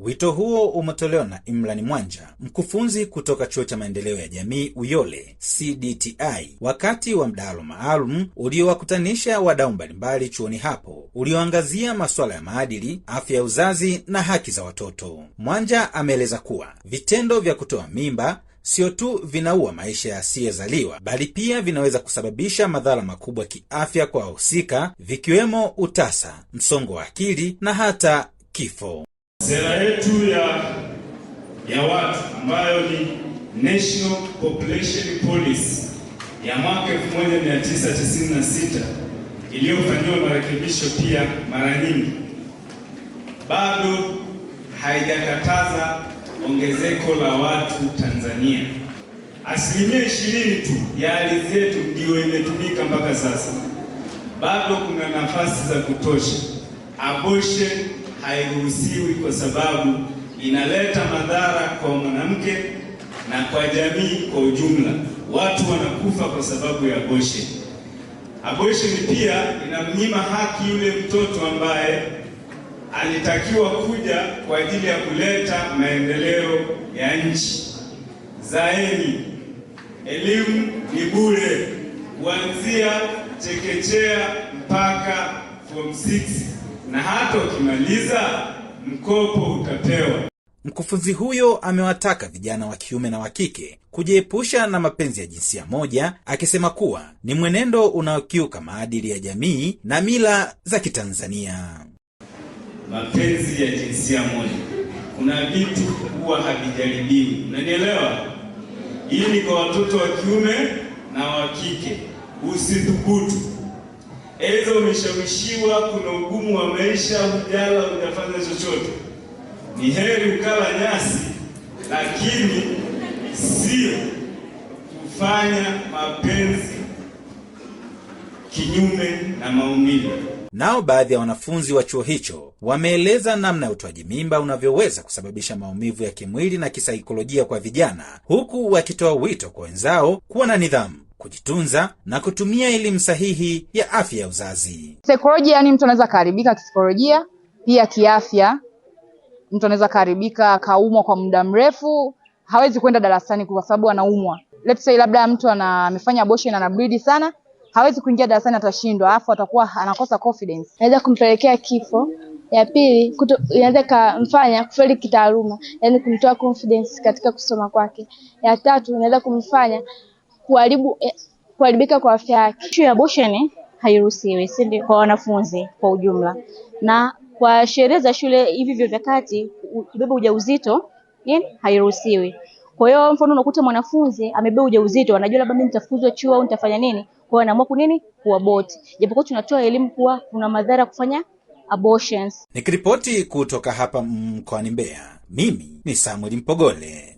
Wito huo umetolewa na Imran Mwanja, mkufunzi kutoka Chuo cha Maendeleo ya Jamii Uyole CDTI, wakati wa mdahalo maalum uliowakutanisha wadau mbalimbali chuoni hapo ulioangazia masuala ya maadili, afya ya uzazi na haki za watoto. Mwanja ameeleza kuwa vitendo vya kutoa mimba sio tu vinaua maisha yasiyezaliwa bali pia vinaweza kusababisha madhara makubwa kiafya kwa wahusika, vikiwemo utasa, msongo wa akili na hata kifo sera yetu ya ya watu ambayo ni National Population Policy ya mwaka 1996 iliyofanyiwa marekebisho pia mara nyingi, bado haijakataza ongezeko la watu Tanzania. Asilimia ishirini tu ya ardhi zetu ndiyo imetumika mpaka sasa, bado kuna nafasi za kutosha. Aboshe hairuhusiwi kwa sababu inaleta madhara kwa mwanamke na kwa jamii kwa ujumla. Watu wanakufa kwa sababu ya abortion. Abortion pia inamnyima haki yule mtoto ambaye alitakiwa kuja kwa ajili ya kuleta maendeleo ya nchi. Zaeni, elimu ni bure kuanzia chekechea mpaka form 6 na hata ukimaliza mkopo utapewa. Mkufunzi huyo amewataka vijana wa kiume na wa kike kujiepusha na mapenzi ya jinsia moja, akisema kuwa ni mwenendo unaokiuka maadili ya jamii na mila za Kitanzania. Mapenzi ya jinsia moja, kuna vitu huwa havijaribiwi, unanielewa? Hii ni kwa watoto wa kiume na wa kike, usithubutu Aidha umeshawishiwa, kuna ugumu wa maisha, ujala hujafanya chochote, ni heri ukala nyasi, lakini sio kufanya mapenzi kinyume na maumbile. Nao baadhi ya wanafunzi wa chuo hicho wameeleza namna ya utoaji mimba unavyoweza kusababisha maumivu ya kimwili na kisaikolojia kwa vijana, huku wakitoa wito kwa wenzao kuwa na nidhamu kujitunza na kutumia elimu sahihi ya afya ya uzazi. Saikolojia, yani mtu anaweza akaharibika kisaikolojia, pia kiafya. Mtu anaweza akaharibika akaumwa kwa muda mrefu, hawezi kwenda darasani kwa sababu anaumwa. Let's say labda mtu ana amefanya abortion na anabridi sana hawezi kuingia darasani, atashindwa, alafu atakuwa anakosa confidence, inaweza kumpelekea kifo. Ya pili, inaweza kumfanya kufeli kitaaluma, yani kumtoa confidence katika kusoma kwake. Ya tatu, inaweza kumfanya kuharibu eh, kuharibika kwa afya yake. Ishu ya abortion eh, hairuhusiwi, si ndio? Kwa wanafunzi kwa ujumla na kwa sheria za shule hivi vya kati, kubeba ujauzito yani hairuhusiwi. Kwa hiyo mfano unakuta mwanafunzi amebeba ujauzito, anajua labda mimi nitafukuzwa chuo au nitafanya nini, kwa hiyo anaamua kunini kuabort, japokuwa tunatoa elimu kuwa kuna madhara kufanya abortions. Nikiripoti kutoka hapa mkoani Mbeya, mimi ni Samuel Mpogole.